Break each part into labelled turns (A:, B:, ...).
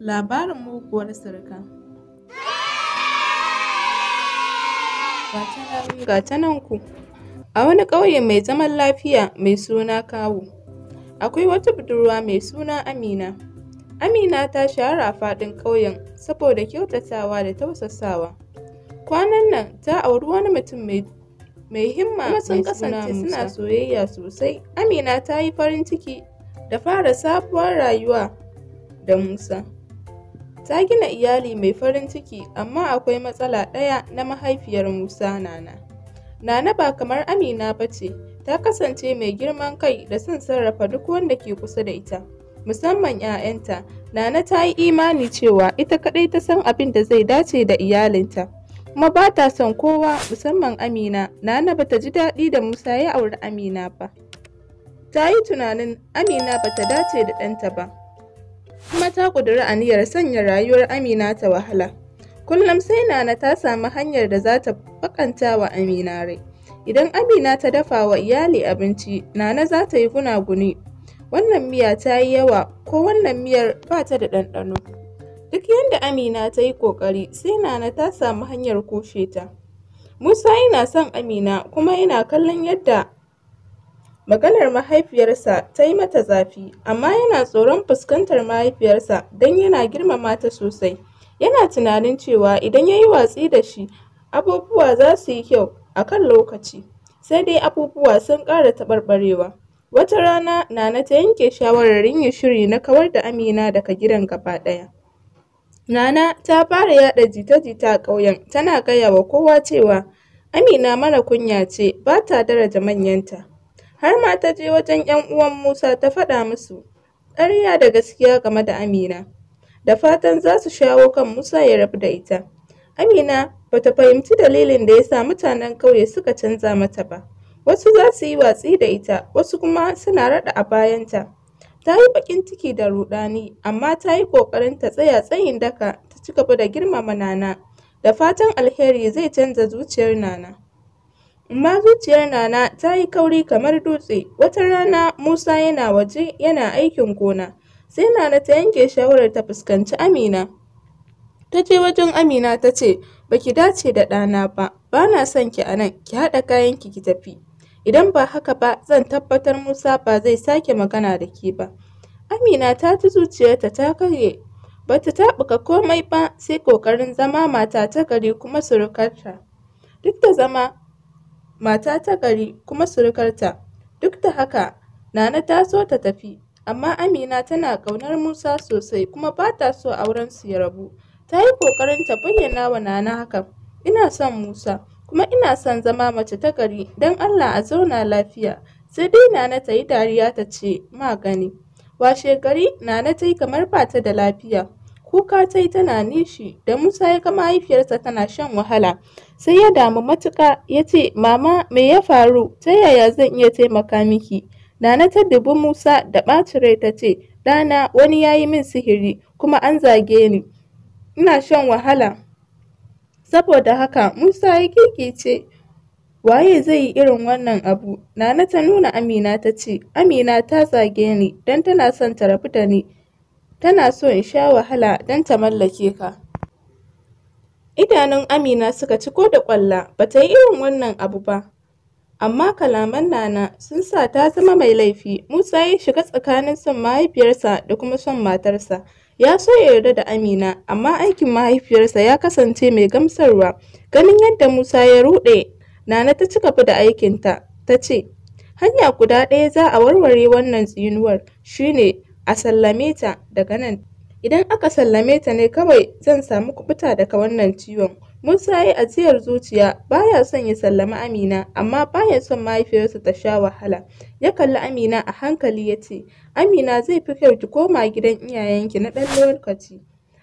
A: Labarin muguwar Sarka. Ga ta nan ku, a wani ƙauye mai zaman lafiya mai suna Kawo, akwai wata budurwa mai suna Amina. Amina ta shahara a faɗin ƙauyen saboda kyautatawa da tausasawa. Kwanan nan ta auri wani mutum mai mai himma kuma sun kasance suna soyayya sosai. Amina ta yi farin ciki da fara sabuwar rayuwa da Musa. Ta gina iyali mai farin ciki amma akwai matsala ɗaya na mahaifiyar Musa Nana. Nana ba kamar Amina ba ce, ta kasance mai girman kai da son sarrafa duk wanda ke kusa da ita, musamman 'ya'yanta. Nana ta yi imani cewa ita kaɗai ta san abin da zai dace da iyalinta. Kuma ba ta son kowa musamman Amina, Nana ba ta ji daɗi da Musa ya auri Amina ba. Ta yi tunanin Amina ba ta dace da ɗanta ba. kuma ta ƙudiri aniyar sanya rayuwar Amina ta wahala. Kullum sai Nana ta sami hanyar da za ta bakanta wa Amina rai. Idan Amina ta dafa wa iyali abinci, Nana za ta yi guni Wannan miya ta yi yawa ko wannan miyar ba ta da ɗanɗano. Duk yadda Amina ta yi ƙoƙari sai Nana ta samu hanyar kushe ta. Musa yana son Amina kuma yana kallon yadda Maganar mahaifiyarsa ta yi mata zafi, amma yana tsoron fuskantar mahaifiyarsa don yana girmama ta sosai, yana tunanin cewa idan ya yi watsi da shi, abubuwa za su yi kyau a kan lokaci, sai dai abubuwa sun ƙara taɓarɓarewa. Wata rana, Nana ta yanke shawarar yin shiri na kawar da Amina daga gidan gaba ɗaya. Nana ta fara yaɗa jita-jita a ƙauyen, tana gaya wa kowa cewa Amina mara kunya ce, ba ta daraja manyanta. har ma ta je wajen ‘yan uwan Musa ta faɗa musu ƙarya da gaskiya game da Amina, da fatan za su shawo kan Musa ya rabu da ita. Amina ba ta fahimci dalilin da yasa mutanen ƙauye suka canza mata ba, wasu za su yi watsi da ita, wasu kuma suna raɗa a bayanta. Ta yi baƙin ciki da ruɗani, amma ta yi ƙoƙarin ta tsaya tsayin daka ta ci gaba da girmama Nana, da fatan alheri zai canza zuciyar Nana. amma zuciyar Nana ta yi kauri kamar dutse. Wata rana Musa yana waje yana aikin gona, sai Nana ta yanke shawarar ta fuskanci Amina. Ta je wajen Amina ta ce, ba ki dace da ɗana ba, ba na son ki a nan, ki haɗa kayan ki ki tafi. Idan ba haka ba zan tabbatar Musa ba zai sake magana da ke ba. Amina ta ci zuciyarta ta karye, ba ta taɓuka komai ba sai ƙoƙarin zama mata ta gari kuma surukarta. Duk da zama mata ta gari kuma surukarta. Duk da haka, Nana ta so ta tafi, amma Amina tana ƙaunar Musa sosai kuma ba ta so auren su ya rabu. Ta yi ƙoƙarin ta bayyana wa Nana haka ina son Musa, kuma ina son zama mace ta gari, don Allah a zauna lafiya. Sai dai Nana ta yi dariya ta ce, magani. gani. Washe gari, Nana ta yi kamar ba ta da lafiya. kuka ta yi tana nishi da Musa ya ga mahaifiyarsa tana shan wahala sai ya damu matuƙa ya ce mama me ya faru ta yaya zan iya taimaka miki Nana ta dubi Musa da ɓacin rai ta ce ɗana wani ya yi min sihiri kuma an zage ni ina shan wahala saboda haka Musa ya kirkice waye zai yi irin wannan abu Nana ta nuna Amina ta ce Amina ta zage ni don tana son ta rabu da ni Tana so in sha wahala don ta mallake ka. Idanun Amina suka ko da ƙwalla, ba ta yi irin wannan abu ba, amma kalaman Nana sun sa ta zama mai laifi. Musa ya shiga tsakanin son mahaifiyarsa da kuma son matarsa. Ya so ya yarda da Amina, amma aikin mahaifiyarsa ya kasance mai gamsarwa. Ganin yadda Musa ya ruɗe, Nana ta ci gaba da aikinta, ta ce, Hanya guda ɗaya za a warware wannan tsinuwar, shine a sallame ta daga nan idan aka sallame ta ne kawai zan samu kubuta daga wannan ciwon Musa ya yi ajiyar zuciya baya son ya sallami Amina amma baya son mahaifiyarsa ta sha wahala ya kalli Amina a hankali ya ce Amina zai fi kyau ki koma gidan iyayenki na ɗan lokaci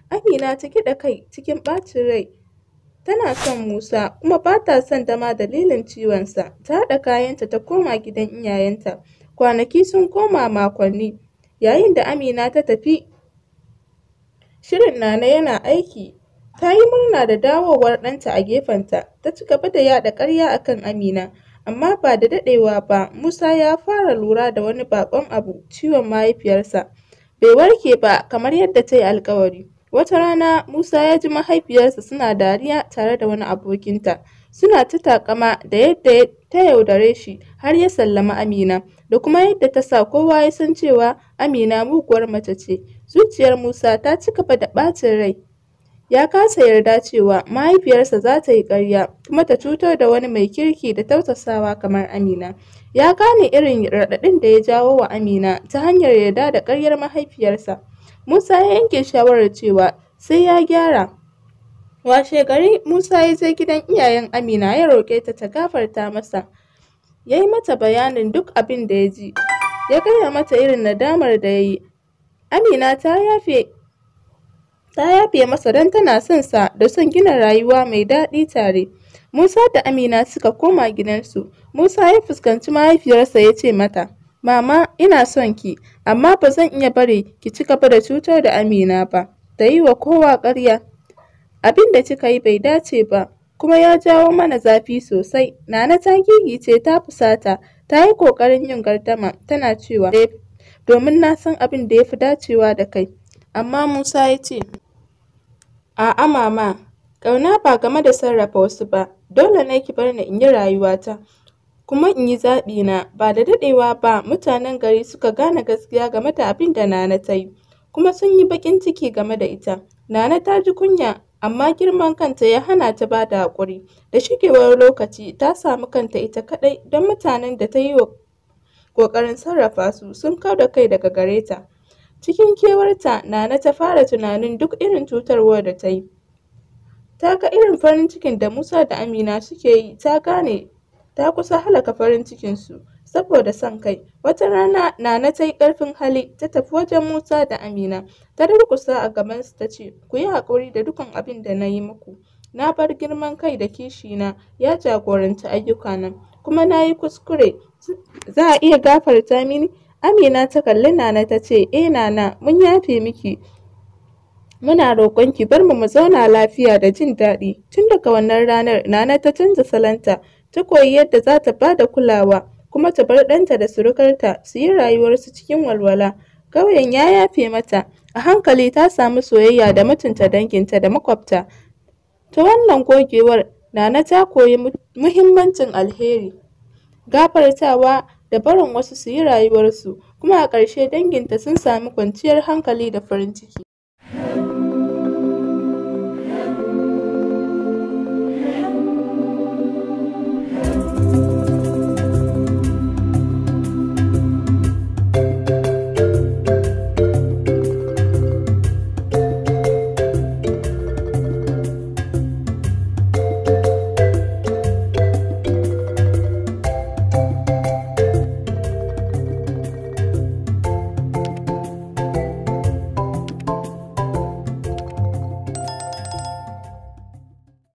A: Amina ta kiɗa kai cikin ɓacin rai tana son Musa kuma ba ta son dama dalilin ciwonsa ta haɗa kayanta ta koma gidan iyayenta kwanaki sun koma makonni Yayin da Amina ta tafi, shirin Nana yana aiki, ta yi murna da dawowar ɗanta a gefen ta ci gaba da yaɗa ƙarya a kan Amina, amma ba da daɗewa ba Musa ya fara lura da wani baƙon abu ciwon mahaifiyarsa, bai warke ba kamar yadda ta yi alƙawari. Wata rana Musa ya ji mahaifiyarsa suna dariya tare da wani abokinta. suna ta takama da yadda ta yaudare shi har ya sallama Amina da kuma yadda ta sa kowa ya san cewa Amina muguwar mace ce. Zuciyar Musa ta ci gaba da ɓacin rai. Ya kasa yarda cewa mahaifiyarsa za ta yi ƙarya kuma ta cutar da wani mai kirki da tausasawa kamar Amina. Ya gane irin raɗaɗin da ya jawo wa Amina ta hanyar yarda da ƙaryar mahaifiyarsa. Musa ya yanke shawarar cewa sai ya gyara. Washe, gari? Musa ya je gidan iyayen Amina ya roƙe ta ta gafarta masa, ya yi mata bayanin duk abin da ya ji, ya gaya mata irin nadamar da ya yi. Amina ta yafe ta yafe masa don tana son sa da son gina rayuwa mai daɗi tare. Musa da Amina suka koma gidansu. Musa ya fuskanci mahaifiyarsa ya ce mata, Mama, ina son ki, amma ba zan iya bari ki ci gaba da cutar da Amina ba, Ta yi wa kowa ƙarya. abin da kika yi bai dace ba kuma ya jawo mana zafi sosai nana ta gigice ta fusata ta yi kokarin yin gardama tana cewa eh, domin na san abin da ya fi dacewa da kai amma musa ya ce a'a mama ƙauna ba game da sarrafa wasu ba dole ne ki bar ni in yi rayuwata kuma in yi zaɓi na ba da daɗewa ba mutanen gari suka gane gaskiya game da abin da nana ta yi kuma sun yi baƙin ciki game da ita nana ta ji kunya amma girman kanta ya hana ta bada haƙuri. Da shigewar lokaci ta samu kanta ita kaɗai don mutanen da ta yi wa ƙoƙarin sarrafa su sun kau da kai daga gare ta. Cikin kewarta na na ta fara tunanin duk irin cutarwar da ta yi. Ta ga irin farin cikin da Musa da Amina suke yi ta gane ta kusa halaka farin cikinsu. saboda son kai. Wata rana Nana tayi yi ƙarfin hali ta tafi wajen Musa da Amina ta durkusa a gabansu ta ce ku yi haƙuri da dukan abin da na yi muku. Na bar girman kai da kishina ya jagoranci nan. kuma na yi kuskure za a iya gafarta mini? Amina ta kalli Nana ta ce eh Nana mun yafe miki. muna roƙon ki bar mu mu zauna lafiya da jin daɗi tun daga wannan ranar nana ta canza salanta ta koyi yadda za ta ba da kulawa kuma ta bar ɗanta da surukarta su yi rayuwarsu cikin walwala. Ƙauyen ya yafe mata, a hankali ta samu soyayya da mutunta danginta da makwabta. Ta wannan gogewar, Nana ta koyi muhimmancin alheri, gafartawa da barin wasu su yi rayuwarsu, kuma a ƙarshe danginta sun sami kwanciyar hankali da farin ciki.